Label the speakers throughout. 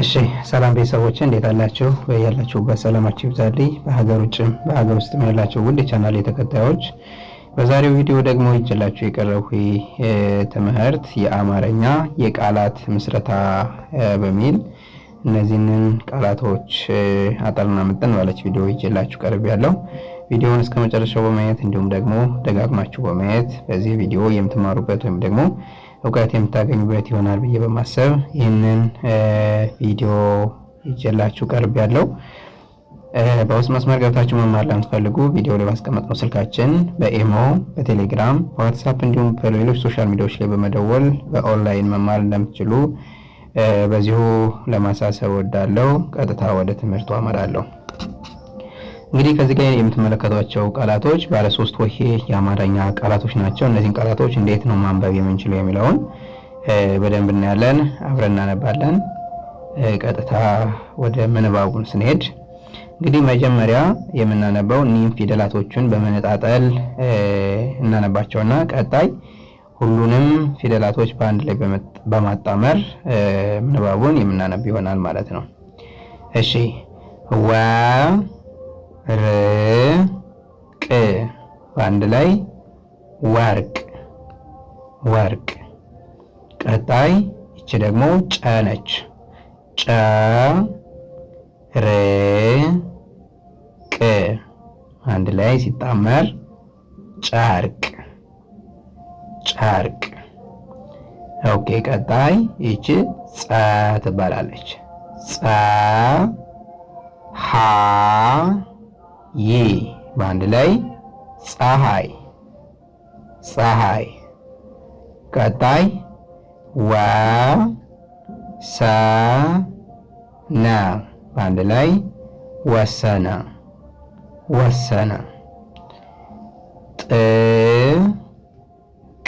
Speaker 1: እሺ ሰላም ቤተሰቦች እንዴት አላችሁ? ያላችሁበት ሰላማችሁ ይብዛልኝ። በሀገር ውጭም በሀገር ውስጥ ያላችሁ ውድ ቻናል የተከታዮች በዛሬው ቪዲዮ ደግሞ ይዤላችሁ የቀረብኩ ትምህርት የአማርኛ የቃላት ምስረታ በሚል እነዚህንን ቃላቶች አጠርና ምጥን ባለች ቪዲዮ ይዤላችሁ ቀርብ ያለው ቪዲዮውን እስከ መጨረሻው በማየት እንዲሁም ደግሞ ደጋግማችሁ በማየት በዚህ ቪዲዮ የምትማሩበት ወይም ደግሞ እውቀት የምታገኙበት ይሆናል ብዬ በማሰብ ይህንን ቪዲዮ ይዤላችሁ ቀርብ ያለው በውስጥ መስመር ገብታችሁ መማር ለምትፈልጉ ቪዲዮ ላይ ማስቀመጥ ነው ስልካችን። በኢሞ፣ በቴሌግራም፣ በዋትሳፕ እንዲሁም በሌሎች ሶሻል ሚዲያዎች ላይ በመደወል በኦንላይን መማር እንደምትችሉ በዚሁ ለማሳሰብ ወዳለው። ቀጥታ ወደ ትምህርቱ አመራለሁ። እንግዲህ ከዚህ ጋር የምትመለከቷቸው ቃላቶች ባለ ሶስት የአማርኛ ቃላቶች ናቸው። እነዚህን ቃላቶች እንዴት ነው ማንበብ የምንችለው የሚለውን በደንብ እናያለን፣ አብረን እናነባለን። ቀጥታ ወደ ምንባቡን ስንሄድ እንግዲህ መጀመሪያ የምናነበው ኒም ፊደላቶቹን በመነጣጠል እናነባቸውና ቀጣይ ሁሉንም ፊደላቶች በአንድ ላይ በማጣመር ምንባቡን የምናነብ ይሆናል ማለት ነው። እሺ ዋ ርቅ ቅ በአንድ ላይ ወርቅ ወርቅ። ቀጣይ ይቺ ደግሞ ጨ ነች። ጨ ርቅ አንድ ላይ ሲጣመር ጨርቅ ጨርቅ። ኦኬ ቀጣይ ይቺ ጸ ትባላለች። ፀ ሃ ይ በአንድ ላይ ፀሐይ ፀሐይ። ቀጣይ ወ ሰ ነ በአንድ ላይ ወሰነ ወሰነ። ጥ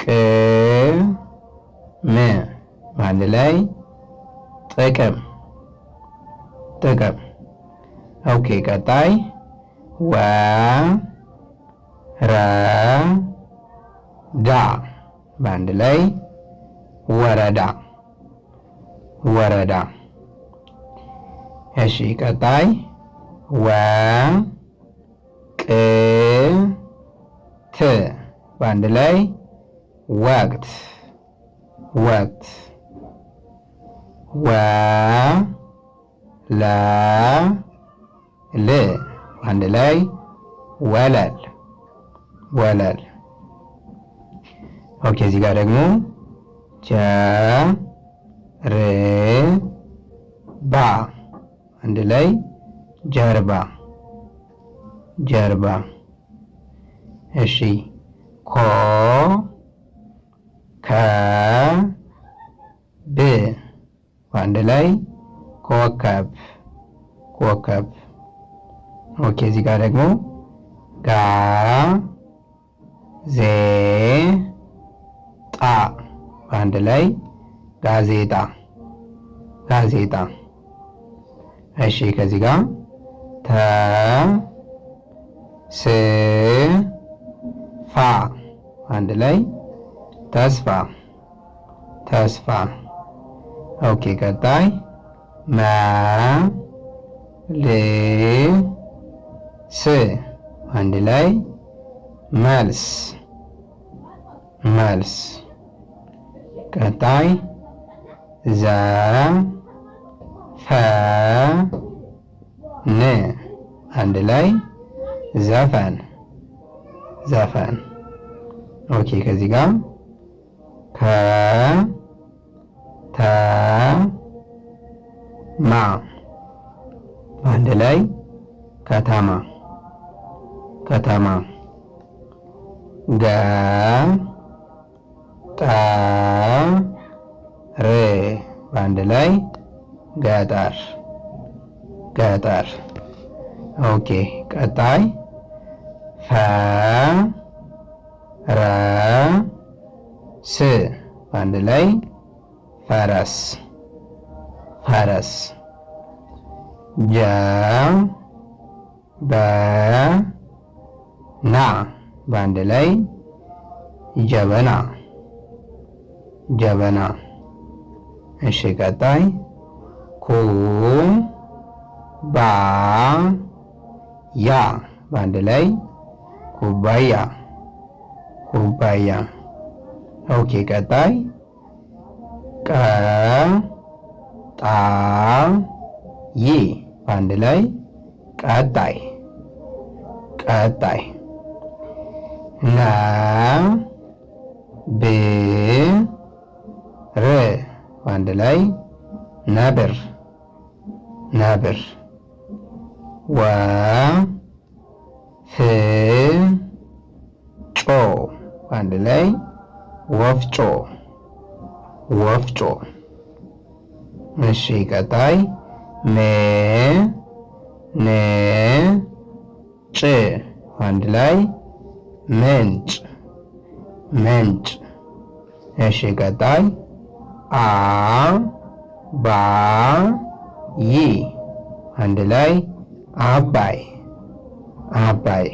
Speaker 1: ቅ ም በአንድ ላይ ጥቅም ጥቅም። ኦኬ ቀጣይ ወ ረ ዳ በአንድ ላይ ወረዳ ወረዳ። እሺ ቀጣይ ወ ቅ ት በአንድ ላይ ወቅት ወቅት። ወ ለ ል አንድ ላይ ወለል ወለል። ኦኬ እዚህ ጋር ደግሞ ባ አንድ ላይ ጀርባ ጀርባ። እሺ ኮ ከ ብ በአንድ ላይ ኮከብ ኮከብ ኦኬ እዚህ ጋር ደግሞ ጋራ ዜ ጣ በአንድ ላይ ጋዜጣ ጋዜጣ። እሺ ከዚህ ጋር ተ ስ ፋ አንድ ላይ ተስፋ ተስፋ። ኦኬ ቀጣይ መ ል ስ አንድ ላይ መልስ መልስ። ቀጣይ ዘ ፈ ን አንድ ላይ ዘፈን ዘፈን። ኦኬ ከዚህ ጋር ከ ተ ማ አንድ ላይ ከተማ ከተማ ገ ጠ ሬ በአንድ ላይ ገጠር ገጠር። ኦኬ ቀጣይ ፈ ረ ስ በአንድ ላይ ፈረስ ፈረስ። ጀ በ ना भांडलाई जवना जवना ऐसे कहता है खूम बा या भांडलाई खुबाया खुबाया ओके कहता है क ता ये भांडलाई कहता है कहता है ላ ብ ር በአንድ ላይ ነብር ነብር ወ ፍ ጮ በአንድ ላይ ወፍጮ ወፍጮ። እሺ ቀጣይ ሜ ን ጭ በአንድ ላይ ምንጭ ምንጭ። እሺ ቀጣይ አ ባ ይ አንድ ላይ አባይ አባይ።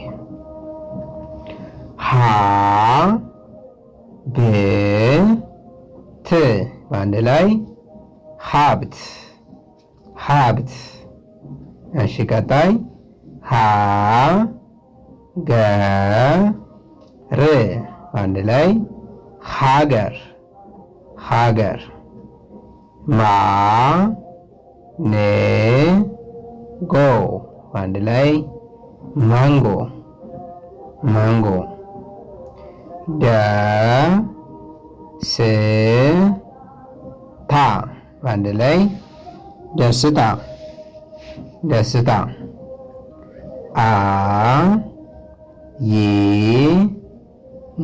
Speaker 1: ሀ ብ በአንድ ላይ ሀብት ሀብት። እሺ ቀጣይ ሀ ገ ላይ ሀገር ሀገር ማ ኔ ጎ በአንድ ላይ ማንጎ ማንጎ ደ ስ ታ በአንድ ላይ ደስታ ደስታ አ ይ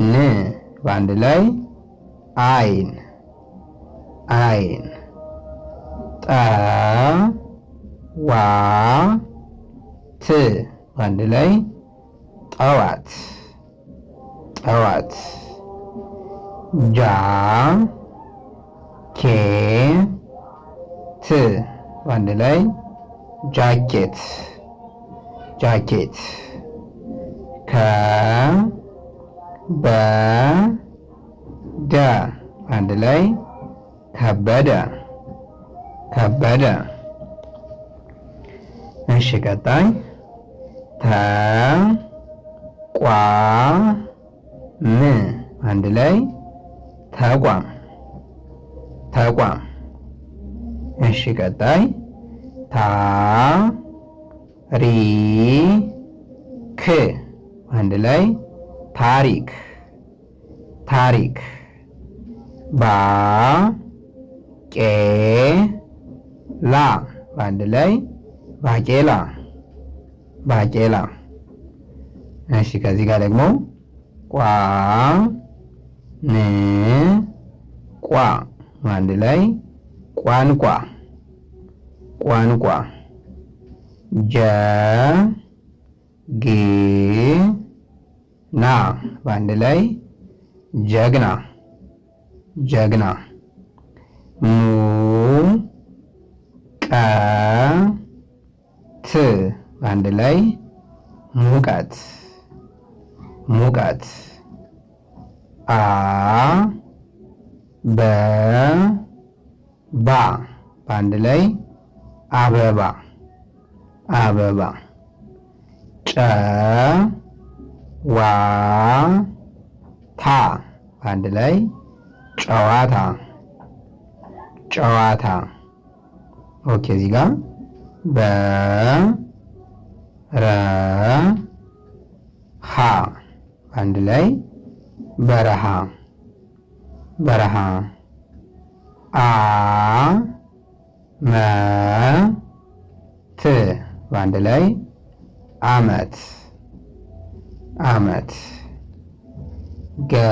Speaker 1: ን በአንድ ላይ አይን አይን ጠ ዋ ት በአንድ ላይ ጠዋት ጠዋት ጃ ኬ ት በአንድ ላይ ጃኬት ጃኬት ከ በደ አንድ ላይ ከበደ ከበደ። እሺ ቀጣይ ተቋም አንድ ላይ ተቋም ተቋም። እሺ ቀጣይ ታሪክ አንድ ላይ ታሪክ ታሪክ ባ ቄ ላ በአንድ ላይ ባቄላ ባቄላ። እሺ ከዚህ ጋር ደግሞ ቋ ን ቋ በአንድ ላይ ቋንቋ ቋንቋ ጀ ጌ ና በአንድ ላይ ጀግና ጀግና ሙ ቀ ት በአንድ ላይ ሙቀት ሙቀት አ በ ባ በአንድ ላይ አበባ አበባ ጨ ዋ ታ በአንድ ላይ ጨዋታ ጨዋታ። ኦኬ እዚህ ጋር በ ረ ሀ በአንድ ላይ በረሃ በረሃ። አ መ ት በአንድ ላይ አመት ዓመት ገ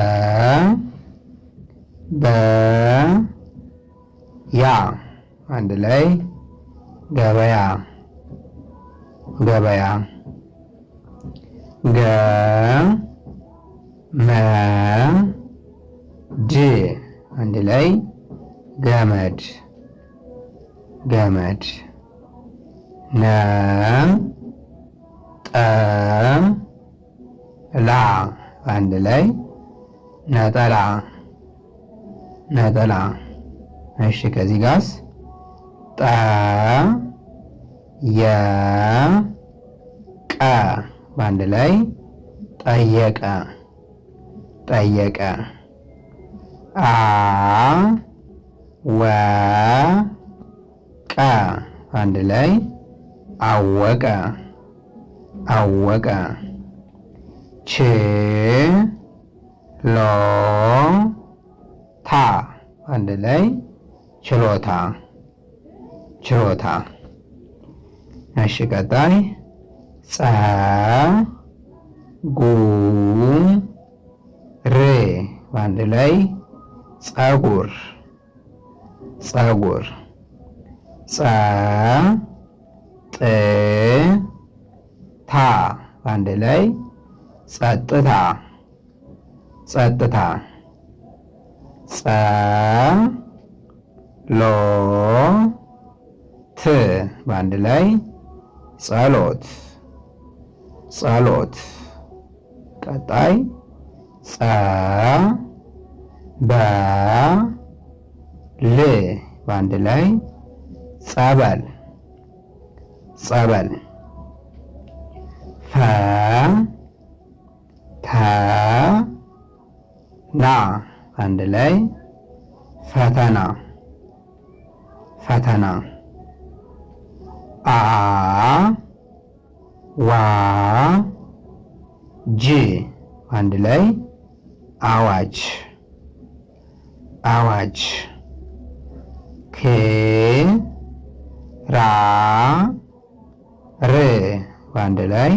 Speaker 1: በ ያ አንድ ላይ ገበያ ገበያ ገ መ ድ አንድ ላይ ገመድ ገመድ ነ ጠ ላ አንድ ላይ ነጠላ ነጠላ። እሺ ከዚህ ጋርስ ጠ የ ቀ በአንድ ላይ ጠየቀ ጠየቀ። አ ወ ቀ በአንድ ላይ አወቀ አወቀ ች ሎ ታ አንድ ላይ ችሎታ ችሎታ። እሺ ቀጣይ ጸ ጉ ር በአንድ ላይ ጸጉር ጸጉር ጸ ጥ ታ በአንድ ላይ ጸጥታ ጸጥታ ጸ ሎ ት በአንድ ላይ ጸሎት ጸሎት ቀጣይ ጸ በ ል በአንድ ላይ ጸበል ጸበል ፈ ና አንድ ላይ ፈተና ፈተና አ ዋ ጅ አንድ ላይ አዋጅ አዋጅ ኬ ራ ር አንድ ላይ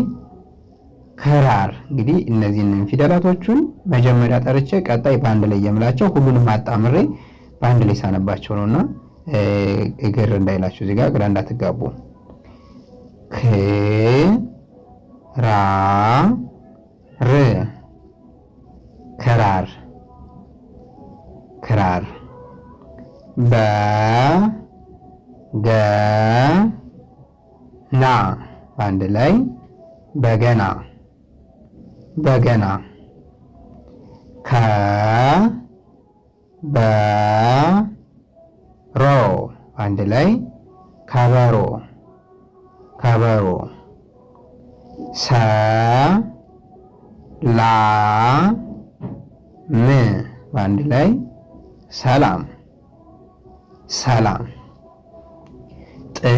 Speaker 1: ህራር እንግዲህ እነዚህን ፊደላቶቹን መጀመሪያ ጠርቼ ቀጣይ በአንድ ላይ የምላቸው ሁሉንም አጣምሬ በአንድ ላይ ሳነባቸው ነውና እግር እንዳይላችሁ እዚህ ጋር ግራ እንዳትጋቡ። ክ ክራር ክራር በገና ና በአንድ ላይ በገና በገና ከ በሮ አንድ ላይ ከበሮ ከበሮ ሰ ላ ም በአንድ ላይ ሰላም ሰላም ጥ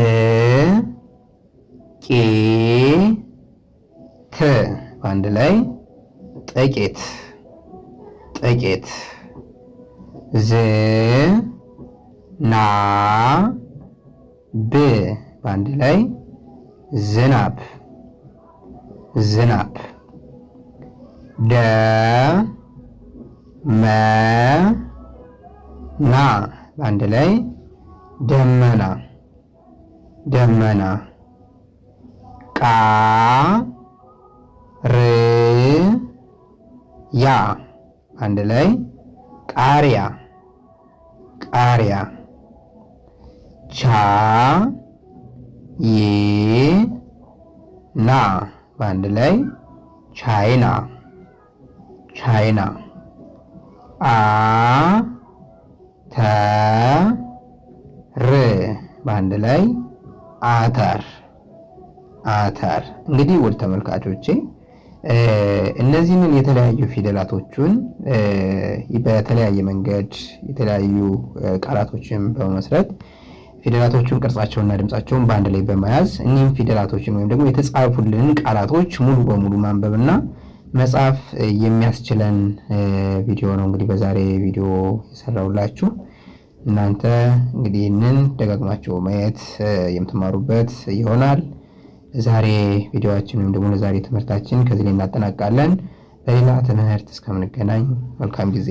Speaker 1: ቂ አንድ ላይ ጥቂት ጥቂት ዝ ና ብ በአንድ ላይ ዝናብ ዝናብ ደ መ ና በአንድ ላይ ደመና ደመና ቃ ርያ አንድ ላይ ቃሪያ ቃሪያ ቻ ዬ ና በአንድ ላይ ቻይና ቻይና አ ተ ር በአንድ ላይ አተር አተር እንግዲህ ውድ ተመልካቾቼ እነዚህንን የተለያዩ ፊደላቶቹን በተለያየ መንገድ የተለያዩ ቃላቶችን በመመስረት ፊደላቶቹን ቅርጻቸውና ድምጻቸውን በአንድ ላይ በመያዝ እኒህም ፊደላቶችን ወይም ደግሞ የተጻፉልን ቃላቶች ሙሉ በሙሉ ማንበብና መጻፍ የሚያስችለን ቪዲዮ ነው እንግዲህ በዛሬ ቪዲዮ የሰራውላችሁ እናንተ እንግዲህ ይህንን ደጋግማችሁ ማየት የምትማሩበት ይሆናል። ዛሬ ቪዲዮችን ወይም ደግሞ ለዛሬ ትምህርታችን ከዚህ ላይ እናጠናቃለን። በሌላ ትምህርት እስከምንገናኝ መልካም ጊዜ